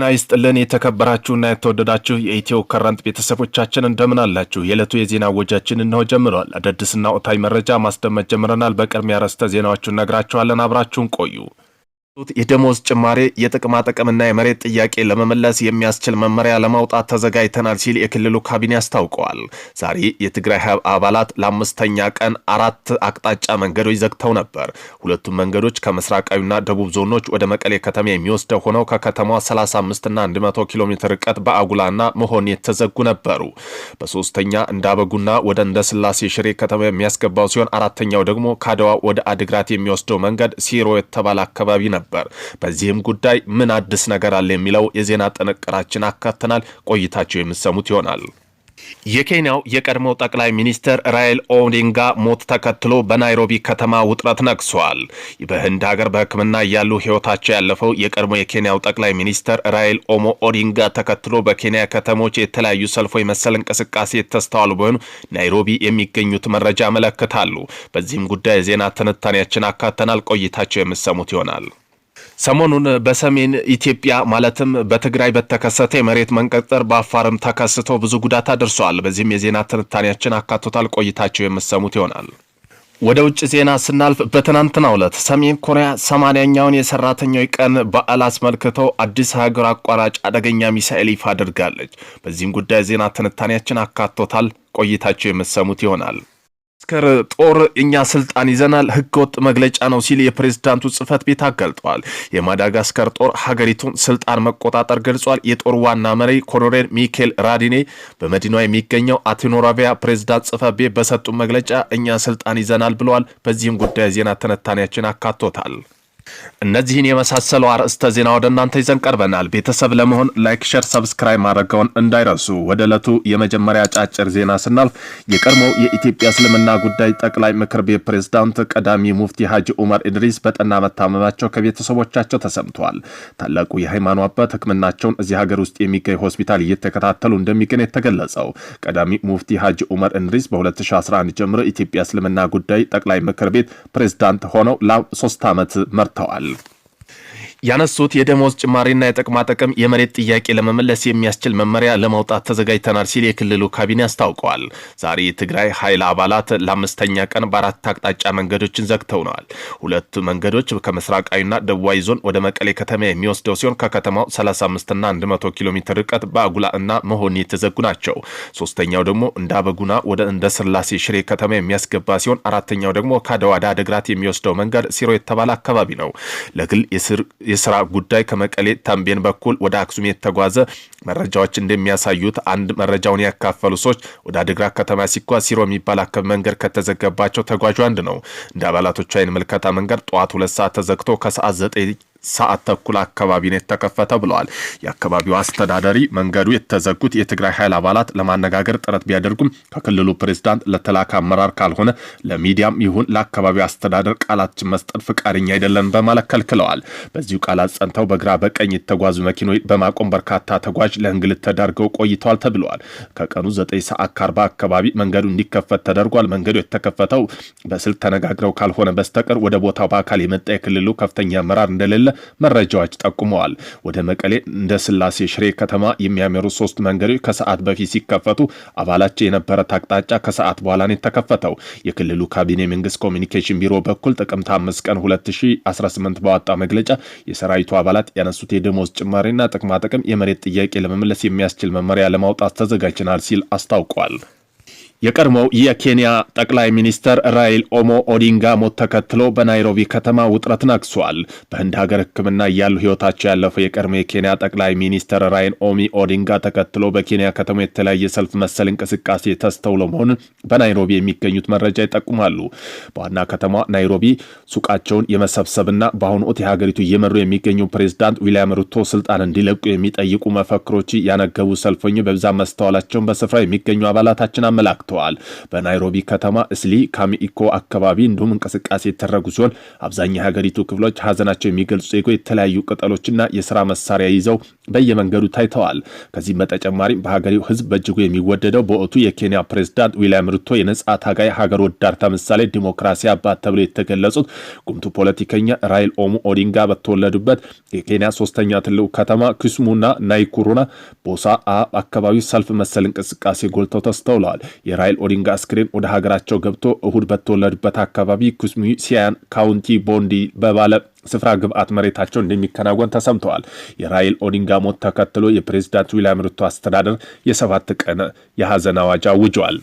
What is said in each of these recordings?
ጤና ይስጥልን የተከበራችሁና የተወደዳችሁ የኢትዮ ከረንት ቤተሰቦቻችን እንደምን አላችሁ? የዕለቱ የዜና ወጃችን እነሆ ጀምረዋል። አዳዲስና ወቅታዊ መረጃ ማስደመጥ ጀምረናል። በቅድሚያ ርዕሰ ዜናዎቹን ነግራችኋለን። አብራችሁን ቆዩ። የደሞዝ ጭማሬ የጥቅማ ጥቅምና የመሬት ጥያቄ ለመመለስ የሚያስችል መመሪያ ለማውጣት ተዘጋጅተናል ሲል የክልሉ ካቢኔ አስታውቀዋል። ዛሬ የትግራይ ሀብ አባላት ለአምስተኛ ቀን አራት አቅጣጫ መንገዶች ዘግተው ነበር። ሁለቱም መንገዶች ከምስራቃዊና ደቡብ ዞኖች ወደ መቀሌ ከተማ የሚወስደው ሆነው ከከተማዋ 35ና 100 ኪሎ ሜትር ርቀት በአጉላና መሆን የተዘጉ ነበሩ። በሶስተኛ እንዳበጉና ወደ እንደስላሴ ሽሬ ከተማ የሚያስገባው ሲሆን አራተኛው ደግሞ ከአድዋ ወደ አድግራት የሚወስደው መንገድ ሲሮ የተባለ አካባቢ ነበር። ነበር። በዚህም ጉዳይ ምን አዲስ ነገር አለ የሚለው የዜና ጥንቅራችን አካተናል። ቆይታቸው የምሰሙት ይሆናል። የኬንያው የቀድሞው ጠቅላይ ሚኒስትር ራይል ኦዲንጋ ሞት ተከትሎ በናይሮቢ ከተማ ውጥረት ነግሷል። በህንድ ሀገር በሕክምና እያሉ ህይወታቸው ያለፈው የቀድሞ የኬንያው ጠቅላይ ሚኒስትር ራይል ኦሞ ኦዲንጋ ተከትሎ በኬንያ ከተሞች የተለያዩ ሰልፎች መሰል እንቅስቃሴ ተስተዋሉ በሆኑ ናይሮቢ የሚገኙት መረጃ መለክታሉ በዚህም ጉዳይ የዜና ትንታኔያችን አካተናል። ቆይታቸው የምሰሙት ይሆናል። ሰሞኑን በሰሜን ኢትዮጵያ ማለትም በትግራይ በተከሰተ የመሬት መንቀጥቀር በአፋርም ተከስቶ ብዙ ጉዳት አድርሰዋል። በዚህም የዜና ትንታኔያችን አካቶታል። ቆይታቸው የምሰሙት ይሆናል። ወደ ውጭ ዜና ስናልፍ በትናንትናው ዕለት ሰሜን ኮሪያ ሰማንያኛውን የሰራተኞች ቀን በዓል አስመልክቶ አዲስ ሀገር አቋራጭ አደገኛ ሚሳኤል ይፋ አድርጋለች። በዚህም ጉዳይ ዜና ትንታኔያችን አካቶታል። ቆይታቸው የምሰሙት ይሆናል። የአሽከር ጦር እኛ ስልጣን ይዘናል፣ ህገወጥ መግለጫ ነው ሲል የፕሬዝዳንቱ ጽህፈት ቤት አጋልጧል። የማዳጋስከር ጦር ሀገሪቱን ስልጣን መቆጣጠር ገልጿል። የጦር ዋና መሪ ኮሎኔል ሚኬል ራዲኔ በመዲናዋ የሚገኘው አቴኖራቪያ ፕሬዝዳንት ጽህፈት ቤት በሰጡ መግለጫ እኛ ስልጣን ይዘናል ብለዋል። በዚህም ጉዳይ ዜና ትንታኔያችን አካቶታል። እነዚህን የመሳሰሉ አርዕስተ ዜና ወደ እናንተ ይዘን ቀርበናል። ቤተሰብ ለመሆን ላይክ፣ ሸር፣ ሰብስክራይብ ማድረገውን እንዳይረሱ። ወደ ዕለቱ የመጀመሪያ አጫጭር ዜና ስናልፍ የቀድሞው የኢትዮጵያ እስልምና ጉዳይ ጠቅላይ ምክር ቤት ፕሬዝዳንት ቀዳሚ ሙፍቲ ሀጂ ኡመር ኢድሪስ በጠና መታመማቸው ከቤተሰቦቻቸው ተሰምተዋል። ታላቁ የሃይማኖ አባት ሕክምናቸውን እዚህ ሀገር ውስጥ የሚገኝ ሆስፒታል እየተከታተሉ እንደሚገኝ የተገለጸው ቀዳሚ ሙፍቲ ሀጂ ኡመር ኢድሪስ በ2011 ጀምሮ ኢትዮጵያ እስልምና ጉዳይ ጠቅላይ ምክር ቤት ፕሬዝዳንት ሆነው ለሶስት ዓመት መር ሰጥተዋል። ያነሱት የደሞዝ ጭማሪና የጥቅማ ጥቅም የመሬት ጥያቄ ለመመለስ የሚያስችል መመሪያ ለማውጣት ተዘጋጅተናል ሲል የክልሉ ካቢኔ አስታውቀዋል። ዛሬ የትግራይ ኃይል አባላት ለአምስተኛ ቀን በአራት አቅጣጫ መንገዶችን ዘግተውነዋል። ሁለቱ መንገዶች ከምስራቃዊና ደቡባዊ ዞን ወደ መቀሌ ከተማ የሚወስደው ሲሆን ከከተማው 35ና 100 ኪሎ ሜትር ርቀት በአጉላ እና መሆኒ የተዘጉ ናቸው። ሶስተኛው ደግሞ እንደ አበጉና ወደ እንደ ስላሴ ሽሬ ከተማ የሚያስገባ ሲሆን አራተኛው ደግሞ ከአድዋ ወደ የሚወስደው መንገድ ሲሮ የተባለ አካባቢ ነው። ለግል የስራ ጉዳይ ከመቀሌ ተምቤን በኩል ወደ አክሱም የተጓዘ መረጃዎች እንደሚያሳዩት አንድ መረጃውን ያካፈሉ ሰዎች ወደ አድግራት ከተማ ሲጓዝ ሲሮ የሚባል አካባቢ መንገድ ከተዘገባቸው ተጓዡ አንድ ነው። እንደ አባላቶቹ አይን ምልከታ መንገድ ጠዋት ሁለት ሰዓት ተዘግቶ ከሰዓት ዘጠኝ ሰዓት ተኩል አካባቢ ነው የተከፈተው ብለዋል። የአካባቢው አስተዳዳሪ መንገዱ የተዘጉት የትግራይ ኃይል አባላት ለማነጋገር ጥረት ቢያደርጉም ከክልሉ ፕሬዝዳንት ለተላከ አመራር ካልሆነ ለሚዲያም ይሁን ለአካባቢው አስተዳደር ቃላችን መስጠት ፍቃደኛ አይደለን በማለት ከልክለዋል። በዚሁ ቃላት ጸንተው በግራ በቀኝ የተጓዙ መኪኖች በማቆም በርካታ ተጓዥ ለእንግልት ተዳርገው ቆይተዋል ተብለዋል። ከቀኑ 9 ሰዓት ከአርባ አካባቢ መንገዱ እንዲከፈት ተደርጓል። መንገዱ የተከፈተው በስልክ ተነጋግረው ካልሆነ በስተቀር ወደ ቦታው በአካል የመጣ የክልሉ ከፍተኛ አመራር እንደሌለ መረጃዎች ጠቁመዋል። ወደ መቀሌ እንደ ስላሴ ሽሬ ከተማ የሚያመሩ ሶስት መንገዶች ከሰዓት በፊት ሲከፈቱ አባላቸው የነበረ አቅጣጫ ከሰዓት በኋላ ነው የተከፈተው። የክልሉ ካቢኔ መንግስት ኮሚኒኬሽን ቢሮ በኩል ጥቅምት 5 ቀን 2018 ባወጣ መግለጫ የሰራዊቱ አባላት ያነሱት የደሞዝ ጭማሪና ጥቅማጥቅም የመሬት ጥያቄ ለመመለስ የሚያስችል መመሪያ ለማውጣት ተዘጋጅተናል ሲል አስታውቋል። የቀድሞው የኬንያ ጠቅላይ ሚኒስተር ራይል ኦሞ ኦዲንጋ ሞት ተከትሎ በናይሮቢ ከተማ ውጥረት ነግሷል። በህንድ ሀገር ሕክምና እያሉ ህይወታቸው ያለፈው የቀድሞ የኬንያ ጠቅላይ ሚኒስተር ራይል ኦሚ ኦዲንጋ ተከትሎ በኬንያ ከተማ የተለያየ ሰልፍ መሰል እንቅስቃሴ ተስተውሎ መሆን በናይሮቢ የሚገኙት መረጃ ይጠቁማሉ። በዋና ከተማ ናይሮቢ ሱቃቸውን የመሰብሰብና በአሁኑ ወቅት የሀገሪቱ እየመሩ የሚገኙ ፕሬዚዳንት ዊልያም ሩቶ ስልጣን እንዲለቁ የሚጠይቁ መፈክሮች ያነገቡ ሰልፈኞች በብዛት መስተዋላቸውን በስፍራ የሚገኙ አባላታችን አመላክቱ ተመተዋል። በናይሮቢ ከተማ እስሊ ካሚኢኮ አካባቢ እንዲሁም እንቅስቃሴ የተደረጉ ሲሆን አብዛኛው የሀገሪቱ ክፍሎች ሀዘናቸው የሚገልጹ ዜጎች የተለያዩ ቅጠሎችና የስራ መሳሪያ ይዘው በየመንገዱ ታይተዋል። ከዚህም በተጨማሪም በሀገሪው ህዝብ በእጅጉ የሚወደደው በወቅቱ የኬንያ ፕሬዝዳንት ዊልያም ሩቶ የነጻ ታጋይ ሀገር ወዳድ ተምሳሌ ዲሞክራሲ አባት ተብሎ የተገለጹት ጉምቱ ፖለቲከኛ ራይል ኦሞ ኦዲንጋ በተወለዱበት የኬንያ ሶስተኛ ትልቁ ከተማ ኪሱሙና ናይኩሩና አ አካባቢ ሰልፍ መሰል እንቅስቃሴ ጎልተው ተስተውለዋል። የራይል ኦዲንጋ አስክሬን ወደ ሀገራቸው ገብቶ እሁድ በተወለዱበት አካባቢ ኩስሚ ሲያን ካውንቲ ቦንዲ በባለ ስፍራ ግብአት መሬታቸው እንደሚከናወን ተሰምተዋል። የራይል ኦዲንጋ ሞት ተከትሎ የፕሬዚዳንት ዊልያም ሩቶ አስተዳደር የሰባት ቀን የሀዘን አዋጅ አውጇል።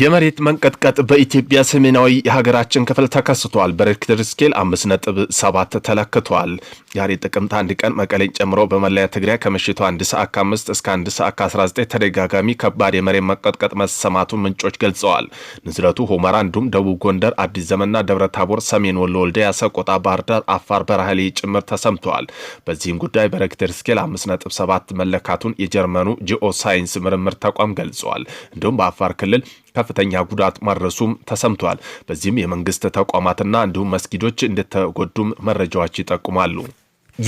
የመሬት መንቀጥቀጥ በኢትዮጵያ ሰሜናዊ የሀገራችን ክፍል ተከስቷል። በሬክተር ስኬል አምስት ነጥብ ሰባት ተለክቷል። ዛሬ ጥቅምት አንድ ቀን መቀሌን ጨምሮ በመለያ ትግራይ ከምሽቱ አንድ ሰዓት ከአምስት እስከ አንድ ሰዓት ከ19 ተደጋጋሚ ከባድ የመሬት መንቀጥቀጥ መሰማቱን ምንጮች ገልጸዋል። ንዝረቱ ሆመራ፣ እንዲሁም ደቡብ ጎንደር፣ አዲስ ዘመንና ደብረ ታቦር፣ ሰሜን ወሎ፣ ወልዲያ፣ ሰቆጣ፣ ባህር ዳር፣ አፋር፣ በራህሌ ጭምር ተሰምተዋል። በዚህም ጉዳይ በሬክተር ስኬል አምስት ነጥብ ሰባት መለካቱን የጀርመኑ ጂኦ ሳይንስ ምርምር ተቋም ገልጸዋል። እንዲሁም በአፋር ክልል ከፍተኛ ጉዳት ማድረሱም ተሰምቷል። በዚህም የመንግስት ተቋማትና እንዲሁም መስጊዶች እንደተጎዱም መረጃዎች ይጠቁማሉ።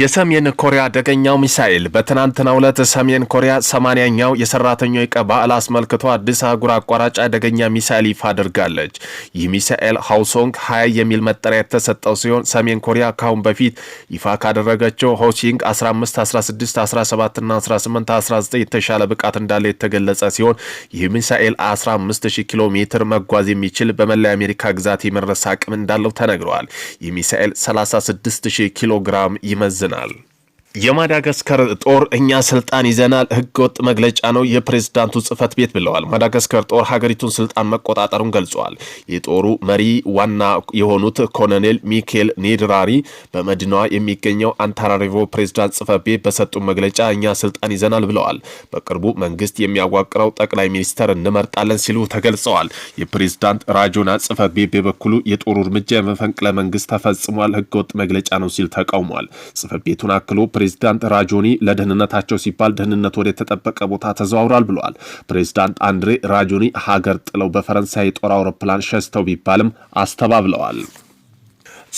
የሰሜን ኮሪያ አደገኛው ሚሳኤል በትናንትናው ዕለት ሰሜን ኮሪያ 80ኛው የሰራተኞች ቀን በዓል አስመልክቶ አዲስ አህጉር አቋራጭ አደገኛ ሚሳኤል ይፋ አድርጋለች። ይህ ሚሳኤል ሃውሶንግ ሀያ የሚል መጠሪያ የተሰጠው ሲሆን ሰሜን ኮሪያ ካሁን በፊት ይፋ ካደረገችው ሆሲንግ 15፣ 16፣ 17 ና 18፣ 19 የተሻለ ብቃት እንዳለ የተገለጸ ሲሆን ይህ ሚሳኤል 150 ኪሎ ሜትር መጓዝ የሚችል በመላ የአሜሪካ ግዛት የመድረስ አቅም እንዳለው ተነግረዋል። ይህ ሚሳኤል 36000 ኪሎ ግራም ይመዝ ያሳዝናል። የማዳጋስካር ጦር እኛ ስልጣን ይዘናል፣ ህገወጥ መግለጫ ነው የፕሬዝዳንቱ ጽህፈት ቤት ብለዋል። ማዳጋስካር ጦር ሀገሪቱን ስልጣን መቆጣጠሩን ገልጸዋል። የጦሩ መሪ ዋና የሆኑት ኮሎኔል ሚኬል ኔድራሪ በመዲናዋ የሚገኘው አንታራሪቮ ፕሬዝዳንት ጽህፈት ቤት በሰጡ መግለጫ እኛ ስልጣን ይዘናል ብለዋል። በቅርቡ መንግስት የሚያዋቅረው ጠቅላይ ሚኒስተር እንመርጣለን ሲሉ ተገልጸዋል። የፕሬዝዳንት ራጆና ጽህፈት ቤት በበኩሉ የጦሩ እርምጃ የመፈንቅለ መንግስት ተፈጽሟል፣ ህገወጥ መግለጫ ነው ሲል ተቃውሟል። ጽህፈት ቤቱን አክሎ ፕሬዚዳንት ራጆኒ ለደህንነታቸው ሲባል ደህንነት ወደ ተጠበቀ ቦታ ተዘዋውራል ብለዋል። ፕሬዚዳንት አንድሬ ራጆኒ ሀገር ጥለው በፈረንሳይ የጦር አውሮፕላን ሸስተው ቢባልም አስተባብለዋል።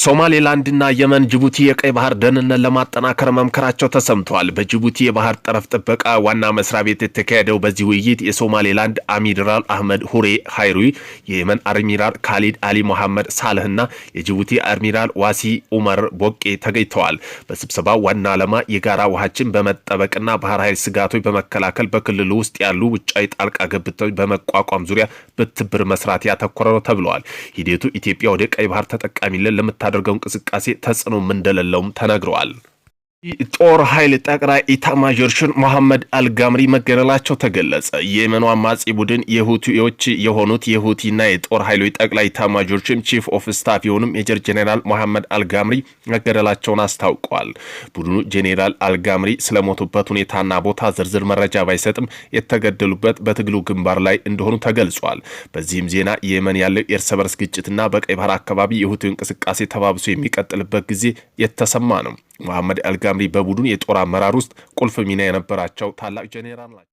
ሶማሌላንድና የመን ጅቡቲ የቀይ ባህር ደህንነት ለማጠናከር መምከራቸው ተሰምተዋል። በጅቡቲ የባህር ጠረፍ ጥበቃ ዋና መስሪያ ቤት የተካሄደው በዚህ ውይይት የሶማሌላንድ አሚራል አህመድ ሁሬ ሀይሪ፣ የየመን አድሚራል ካሊድ አሊ መሐመድ ሳልህ የጅቡቲ አድሚራል ዋሲ ኡመር ቦቄ ተገኝተዋል። በስብሰባው ዋና ዓላማ የጋራ ውሃችን በመጠበቅና ባህር ኃይል ስጋቶች በመከላከል በክልሉ ውስጥ ያሉ ውጫዊ ጣልቃ ገብቶች በመቋቋም ዙሪያ ብትብር መስራት ያተኮረ ነው ተብለዋል። ሂደቱ ኢትዮጵያ ወደ ቀይ ባህር ተጠቃሚነት የምታደርገው እንቅስቃሴ ተጽዕኖም እንደሌለውም ተናግረዋል። ጦር ኃይል ጠቅላይ ኢታማዦር ሹም መሐመድ አልጋምሪ መገደላቸው ተገለጸ። የየመኑ አማጺ ቡድን የሁቲዎች የሆኑት የሁቲና የጦር ኃይሎች ጠቅላይ ኢታማዦር ሹም ቺፍ ኦፍ ስታፍ የሆኑም ሜጀር ጄኔራል መሐመድ አልጋምሪ መገደላቸውን አስታውቋል። ቡድኑ ጄኔራል አልጋምሪ ስለሞቱበት ሁኔታና ቦታ ዝርዝር መረጃ ባይሰጥም የተገደሉበት በትግሉ ግንባር ላይ እንደሆኑ ተገልጿል። በዚህም ዜና የየመን ያለው የእርስ በርስ ግጭትና በቀይ ባህር አካባቢ የሁቲ እንቅስቃሴ ተባብሶ የሚቀጥልበት ጊዜ የተሰማ ነው። መሐመድ አልጋምሪ በቡድን የጦር አመራር ውስጥ ቁልፍ ሚና የነበራቸው ታላቅ ጄኔራል ናቸው።